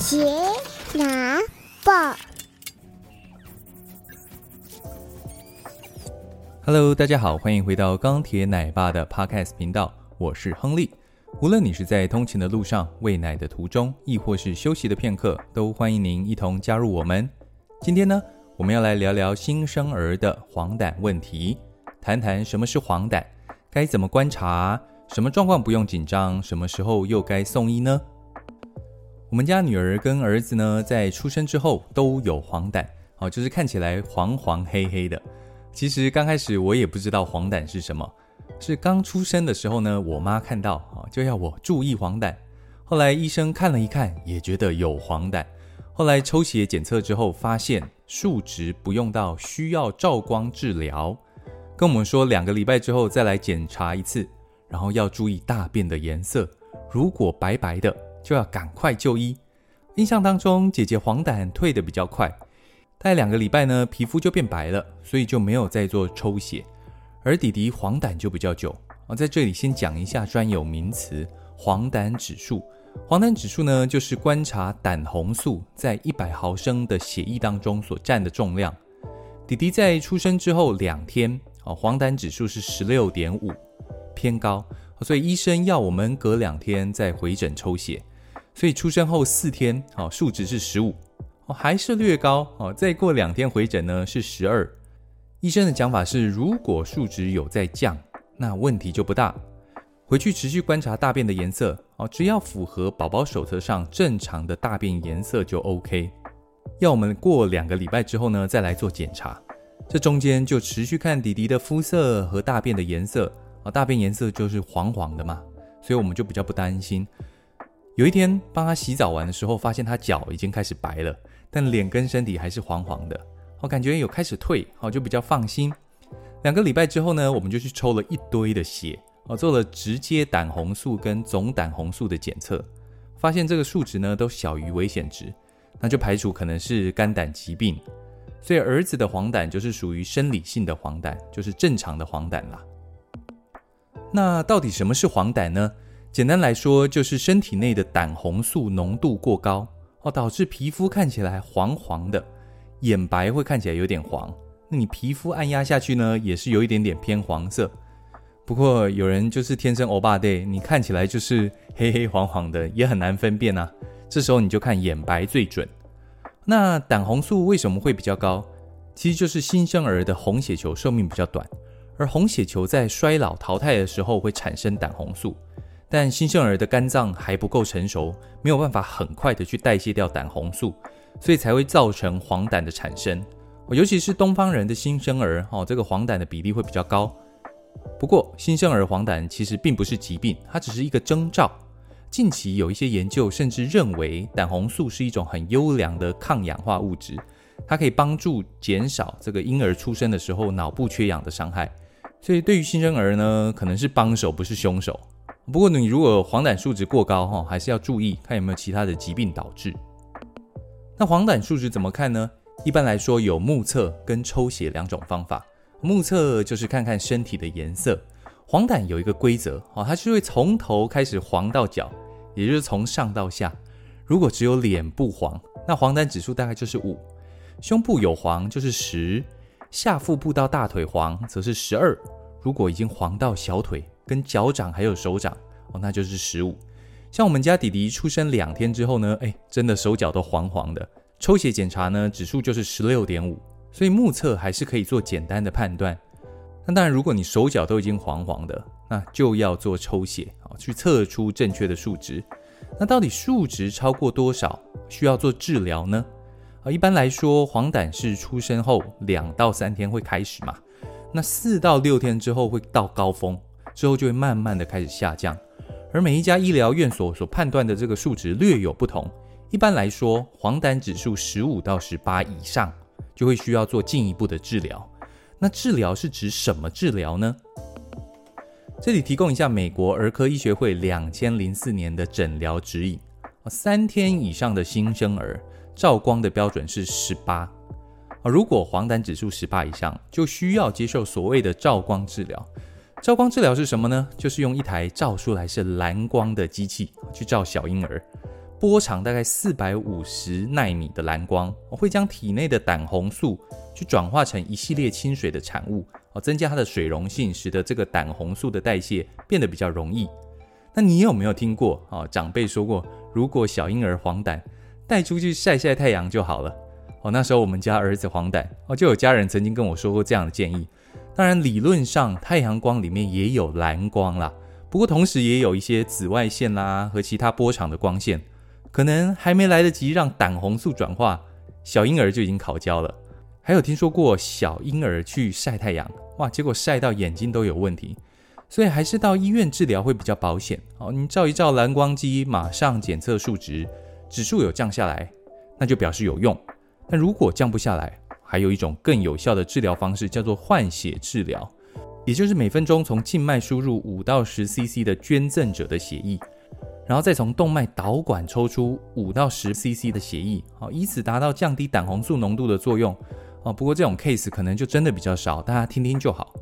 《杰拿報》Hello，大家好，歡迎回到鋼鐵奶爸的 Podcast 頻道，我是亨利。無論你是在通勤的路上、餵奶的途中，亦或是休息的片刻，都歡迎您一同加入我們。今天呢，我們要來聊聊新生兒的黃疸問題，談談什麼是黃疸，該怎麼觀察，什麼狀況不用緊張，什麼時候又該送醫呢？我們家女兒跟兒子呢，在出生之後都有黃疸，好，就是看起來黃黃黑黑的。其實剛開始我也不知道黃疸是什麼，是剛出生的時候呢，我媽看到啊，就要我注意黃疸。後來醫生看了一看，也覺得有黃疸。後來抽血檢測之後，發現數值不用到需要照光治療，跟我們說兩個禮拜之後再來檢查一次，然後要注意大便的顏色，如果白白的，就要趕快就醫。印象當中，姐姐黃疸退得比較快，大概兩個禮拜呢，皮膚就變白了，所以就沒有再做抽血。而弟弟黃疸就比較久。啊，在這裡先講一下專有名詞——黃疸指數。黃疸指數呢，就是觀察膽紅素在一百毫升的血液當中所占的重量。弟弟在出生之後兩天，啊，黃疸指數是十六點五，偏高，所以醫生要我們隔兩天再回診抽血。所以出生後四天，啊，數值是十五，還是略高，再過兩天回診呢是十二。醫生的講法是，如果數值有在降，那問題就不大。回去持續觀察大便的顏色，只要符合寶寶手冊上正常的大便顏色就 OK。要我們過兩個禮拜之後呢再來做檢查，這中間就持續看弟弟的膚色和大便的顏色。啊，大便顏色就是黃黃的嘛，所以我們就比較不擔心。有一天幫他洗澡完的時候，發現他腳已經開始白了，但臉跟身體還是黃黃的。我感覺有開始退，我就比較放心。兩個禮拜之後呢，我們就去抽了一堆的血，哦，做了直接膽紅素跟總膽紅素的檢測，發現這個數值呢都小於危險值，那就排除可能是肝膽疾病。所以兒子的黃疸就是屬於生理性的黃疸，就是正常的黃疸啦。那到底什麼是黃疸呢？簡單來說，就是身體內的膽紅素濃度過高哦，導致皮膚看起來黃黃的，眼白會看起來有點黃。那你皮膚按壓下去呢，也是有一點點偏黃色。不過有人就是天生歐巴 day，你看起來就是黑黑黃黃的，也很難分辨啊。這時候你就看眼白最準。那膽紅素為什麼會比較高？其實就是新生兒的紅血球壽命比較短，而紅血球在衰老淘汰的時候會產生膽紅素。但新生兒的肝臟還不夠成熟，沒有辦法很快地去代謝掉膽紅素，所以才會造成黃疸的產生。哦，尤其是東方人的新生兒，哦，這個黃疸的比例會比較高。不過，新生兒黃疸其實並不是疾病，它只是一個徵兆。近期有一些研究甚至認為，膽紅素是一種很優良的抗氧化物質，它可以幫助減少這個嬰兒出生的時候腦部缺氧的傷害。所以，對於新生兒呢，可能是幫手，不是凶手。不過你如果黃疸數值過高哈，還是要注意，看有沒有其他的疾病導致。那黃疸數值怎麼看呢？一般來說有目測跟抽血兩種方法。目測就是看看身體的顏色，黃疸有一個規則，它是會從頭開始黃到腳，也就是從上到下。如果只有臉部黃，那黃疸指數大概就是五；胸部有黃就是十；下腹部到大腿黃則是十二。如果已經黃到小腿，跟腳掌還有手掌哦，那就是十五。像我們家弟弟出生兩天之後呢，哎、欸，真的手腳都黃黃的。抽血檢查呢，指數就是十六點五，所以目測還是可以做簡單的判斷。那當然，如果你手腳都已經黃黃的，那就要做抽血啊，去測出正確的數值。那到底數值超過多少需要做治療呢？啊，一般來說，黃疸是出生後兩到三天會開始嘛，那四到六天之後會到高峰。之後就會慢慢的開始下降，而每一家醫療院所所判斷的這個數值略有不同。一般來說，黃疸指數十五到十八以上，就會需要做進一步的治療。那治療是指什麼治療呢？這裡提供一下美國兒科醫學會兩千零四年的診療指引：三天以上的新生兒照光的標準是十八，如果黃疸指數十八以上，就需要接受所謂的照光治療。照光治療是什麼呢？就是用一台照出來是藍光的機器去照小嬰兒，波長大概四百五十奈米的藍光，會將體內的膽紅素去轉化成一系列親水的產物，增加它的水溶性，使得這個膽紅素的代謝變得比較容易。那你有沒有聽過啊？長輩說過，如果小嬰兒黃疸，帶出去曬曬太陽就好了。哦，那時候我們家兒子黃疸，哦，就有家人曾經跟我說過這樣的建議。當然，理論上太陽光裡面也有藍光啦，不過同時也有一些紫外線啦和其他波長的光線，可能還沒來得及讓膽紅素轉化，小嬰兒就已經烤焦了。還有聽說過小嬰兒去曬太陽，哇，結果曬到眼睛都有問題，所以還是到醫院治療會比較保險。哦，你照一照藍光機，馬上檢測數值，指數有降下來，那就表示有用。但如果降不下來，還有一種更有效的治療方式，叫做換血治療，也就是每分鐘從靜脈輸入五到十 CC 的捐贈者的血液，然後再從動脈導管抽出五到十 CC 的血液，好，以此達到降低膽紅素濃度的作用。哦，不過這種 case 可能就真的比較少，大家聽聽就好。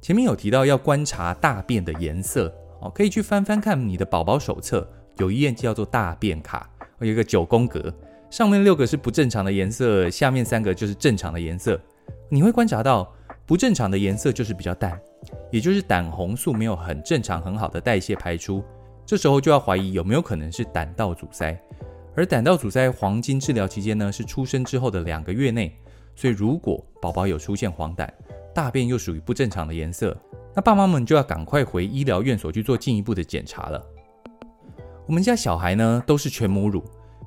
前面有提到要觀察大便的顏色，哦，可以去翻翻看你的寶寶手冊，有一頁叫做大便卡，有一個九宮格。上面六個是不正常的顏色，下面三個就是正常的顏色。你會觀察到不正常的顏色就是比較淡，也就是膽紅素沒有很正常很好的代謝排出，這時候就要懷疑有沒有可能是膽道阻塞。而膽道阻塞黃金治療期間呢，是出生之後的兩個月內，所以如果寶寶有出現黃疸，大便又屬於不正常的顏色，那爸媽們就要趕快回醫療院所去做進一步的檢查了。我們家小孩呢，都是全母乳。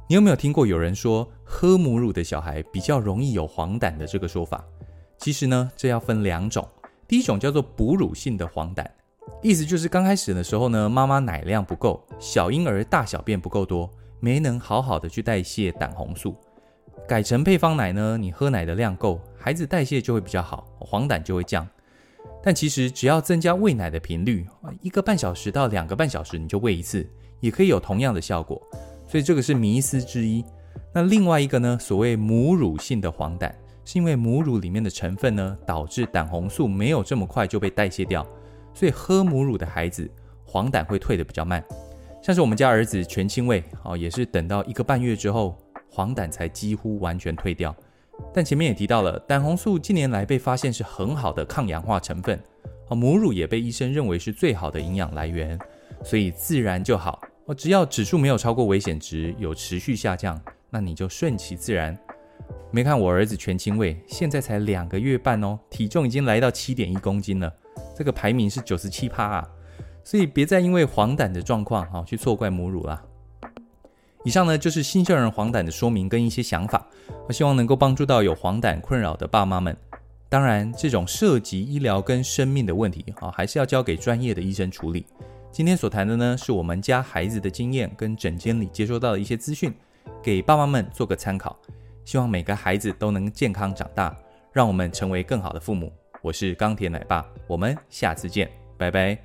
你有沒有聽過有人說喝母乳的小孩比較容易有黃疸的這個說法？其實呢，這要分兩種。第一種叫做哺乳性的黃疸，意思就是剛開始的時候呢，媽媽奶量不夠，小嬰兒大小便不夠多，沒能好好的去代謝膽紅素。改成配方奶呢，你喝奶的量夠，孩子代謝就會比較好，黃疸就會降。但其實只要增加餵奶的頻率，一個半小時到兩個半小時你就餵一次，也可以有同樣的效果。所以這個是迷思之一。那另外一個呢？所謂母乳性的黃疸，是因為母乳裡面的成分呢，導致膽紅素沒有這麼快就被代謝掉，所以喝母乳的孩子黃疸會退得比較慢。像是我們家兒子全親餵啊、哦，也是等到一個半月之後，黃疸才幾乎完全退掉。但前面也提到了，膽紅素近年來被發現是很好的抗氧化成分，啊、哦，母乳也被醫生認為是最好的營養來源，所以自然就好。只要指數沒有超過危險值，有持續下降，那你就順其自然。沒看我兒子全親餵，現在才兩個月半哦，體重已經來到七點一公斤了，這個排名是九十七趴啊。所以別再因為黃疸的狀況啊、哦，去錯怪母乳啦。以上呢就是新生兒黃疸的說明跟一些想法，我希望能夠幫助到有黃疸困擾的爸媽們。當然，這種涉及醫療跟生命的問題啊、哦，還是要交給專業的醫生處理。今天所談的呢，是我們家孩子的經驗跟診間裡接收到的一些資訊，給爸媽們做個參考。希望每個孩子都能健康長大，讓我們成為更好的父母。我是鋼鐵奶爸，我們下次見，拜拜。